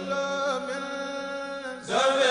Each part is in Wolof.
la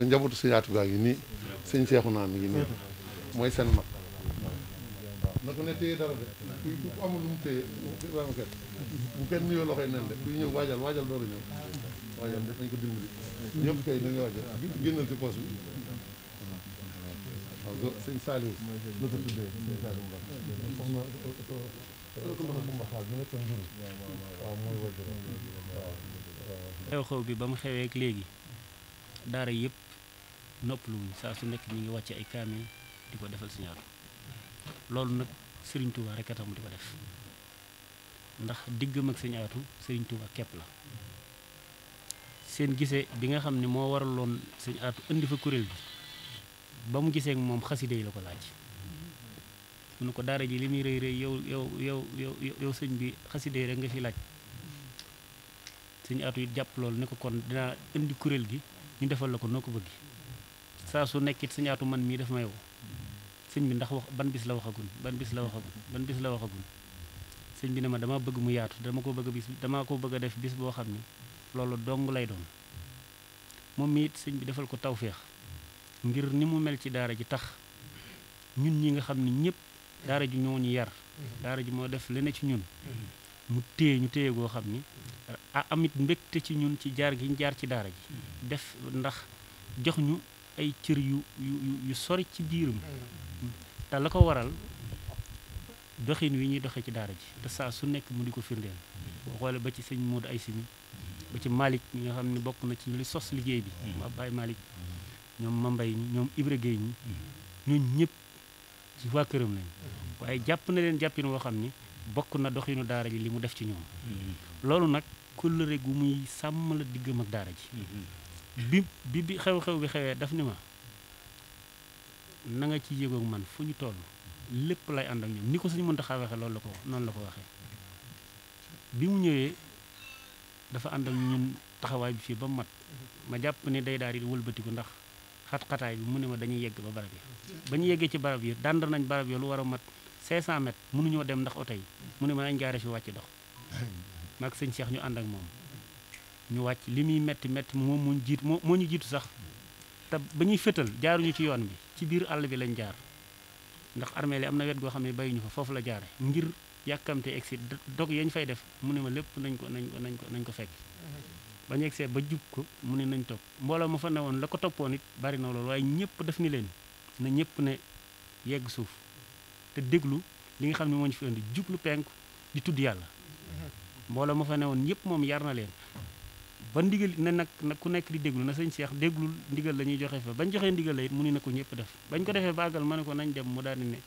te njabootu sëñ Atou gaa ngi nii sëñ seexu naa mi ngi nii mooy seen mag na ko ne téye dara de kuy ku amul mu téye Ibrahima Kane bu kenn nuyoo loxoy nen de kuy ñëw kay nañu waajal génnal la ko xew-xew bi ba mu xewee ak léegi daara yëpp noppalu wuñ saa su nekk ñi ngi wàcce ay kaamil di ko defal Sëñ Abdou loolu nag sëriñ Touba rek a tax di ko def ndax diggam ak Sëñ Abdou Serigne Touba képp la seen gise bi nga xam ne moo waraloon Sëñ Abdou indi fa kuréel gi ba mu gisee moom xaside la ko laaj mu ne ko daara ji li muy rëy rëy yow yow yow yow sëñ bi xaside rek nga fi laaj Sëñ atu it jàpp loolu ne ko kon dinaa indi kuréel gi ñu defal la ko noo ko bëgg saa su nekkit sëñ Aatu man mii daf may woo sëñ bi ndax wax ban bis la waxagun ban bis la waxagun ban bis la waxagun sëñ bi ne ma dama bëgg mu yaatu dama ko bëgg bis dama ko bëgg def bis boo xam ni loolu dong lay doon moom mi it sëñ bi defal ko tawféex ngir ni mu mel ci daara ji tax ñun ñi nga xam ni ñëpp daara ji ñoo ñu yar daara ji moo def leneen ci ñun mu téye ñu téye goo xam ni amit mbégte ci ñun ci jaar gi ñu jaar ci daara ji ay cër yu yu yu sori ci biiram mm. te la ko waral doxin wi ñuy doxee ci daara ji te saa su nekk mu di ko firndeel boo xoolee ba ci sëñ Modou Aysimi ba ci Malick ñi nga xam ne bokk na ci li sos liggéey bi mm. Baye Malick ñoom Mambay ñi ñoom ibre Gueye ñi mm. ñun ñëpp ci waa këram lañ waaye jàpp na leen jàppin woo xam ni bokk na doxinu daara ji li mu def ci ñoom loolu nag kóllëre gu muy sàmm la diggam ak daara ji mm-hmm. bi bi bi xew-xew bi xewee daf ni ma na nga ci yëgoog man fu ñu toll lépp lay ànd ak ñoom ni ko suñu Muntaxa waxee loolu la ko noonu la ko waxee bi mu ñëwee dafa ànd ak ñun taxawaay bi fii ba mu mat ma jàpp ne day daal di wëlbatiku ndax xat-xataay bi mu ne ma dañuy yegg ba barab yi ba ñu yeggee ci barab yi dànd nañ barab yi lu war a mat 500 nu ñoo dem ndax oto yi mu ne ma nañ gaare fi wàcc dox maag sëñ Cheikh ñu ànd ak moom ñu wàcc li muy métti métti moom moo jiit moo moo ñu jiitu sax te ba ñuy fetal jaaruñu ci yoon bi ci biir àll bi lañ jaar ndax armée yi am na wet goo xam ne bayuñu fa foofu la jaare ngir yàkkamte egsi dog yañ fay def mu ne ma lépp nañ ko nañ ko nañ ko nañ ko fekk bañ egsee ba jub ko mu ne nañ topp mbooloo ma fa newoon la ko toppoon it bari na loolu waaye ñëpp def ni leen na ñëpp ne yegg suuf te déglu li nga xam ne moo ñu fi indi jublu penku di tudd yàlla mbooloo ma fa newoon ñëpp moom yar na leen ba ndigal ne nag ku nekk di déglu na sañ Cheikh déglul ndigal la ñuy joxe fa bañ joxee ndigal la it mu ni na ko ñëpp def bañ ko defee baagal ma ne ko nañ dem mu daal di ne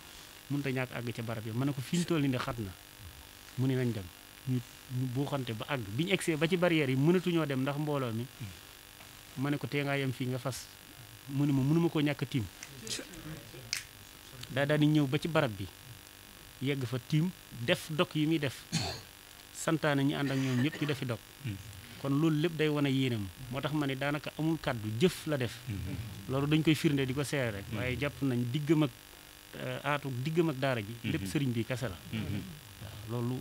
mënut ta ñàkk àgg ca barab yi ma ne ko fi mu toll nii de na mu ni nañ dem ñu ba àgg bi ñu egsee ba ci barrière yi mënatuñoo dem ndax mbooloo mi ma ne ko tee ngaa yem fii nga fas mu ne ma mënuma koo ñàkk tiim daa daal di ñëw ba ci barab bi yegg fa tiim def dog yi muy def santaane ñu ànd ak ñoom ñëpp ñu defi dog kon loolu lépp day wane yéenam moo tax ma ne daanaka amul kàddu jëf la def mm-hmm. loolu dañ koy firnde di ko seere rek mm-hmm. waaye jàpp nañ diggam ak euh, aatu diggam ak daara ji lépp mm-hmm. sëriñ bi kase la waaw loolu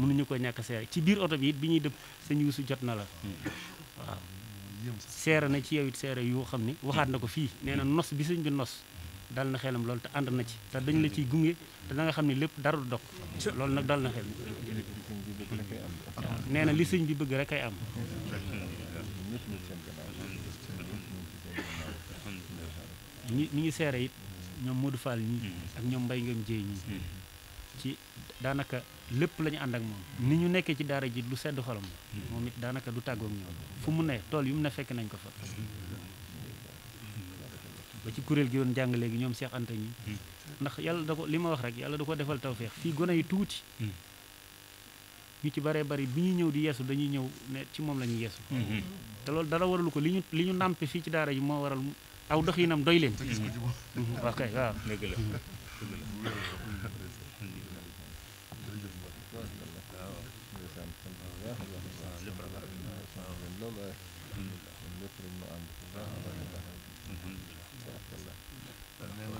mënuñu ko ñàkk seere ci biir oto bi it bi ñuy dëpp sëñ Yuusu jot na la waaw seere na ci yowit it seere yoo xam ne waxaat na ko fii nee na nos bi sëñ bi nos dal na xelam loolu te ànd na ci te dañ la ciy gunge te da xam ne lépp dara du dog loolu nag dal nee na li sëñ bi bëgg rek ay am. ñi ñi ngi seere it ñoom Modou Fall ñi ak ñoom Mbaye Ngom Dieye ñi ci daanaka lépp lañu ànd ak moom ni ñu nekkee ci daara ji lu sedd xolam moom it daanaka du tàggoog ñoom fu mu ne tool yu mu ne fekk nañ ko fa ba ci kuréel gi doon jàng léegi ñoom Cheikh ñi ndax yàlla da ko li ma wax rek yàlla da ko defal tawféex fii gone yi tuuti ñu ci baree bari bi ñuy ñëw di yeesu dañuy ñëw ne ci moom la ñuy yeesu te loolu dara waralu ko li ñu li ñu nàmpe fii ci daara ji moo waral aw doxinam doy leen waaw kay waaw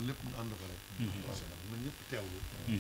lépp ñu ànd ko rek. macha allah ñun ñëpp teewlu.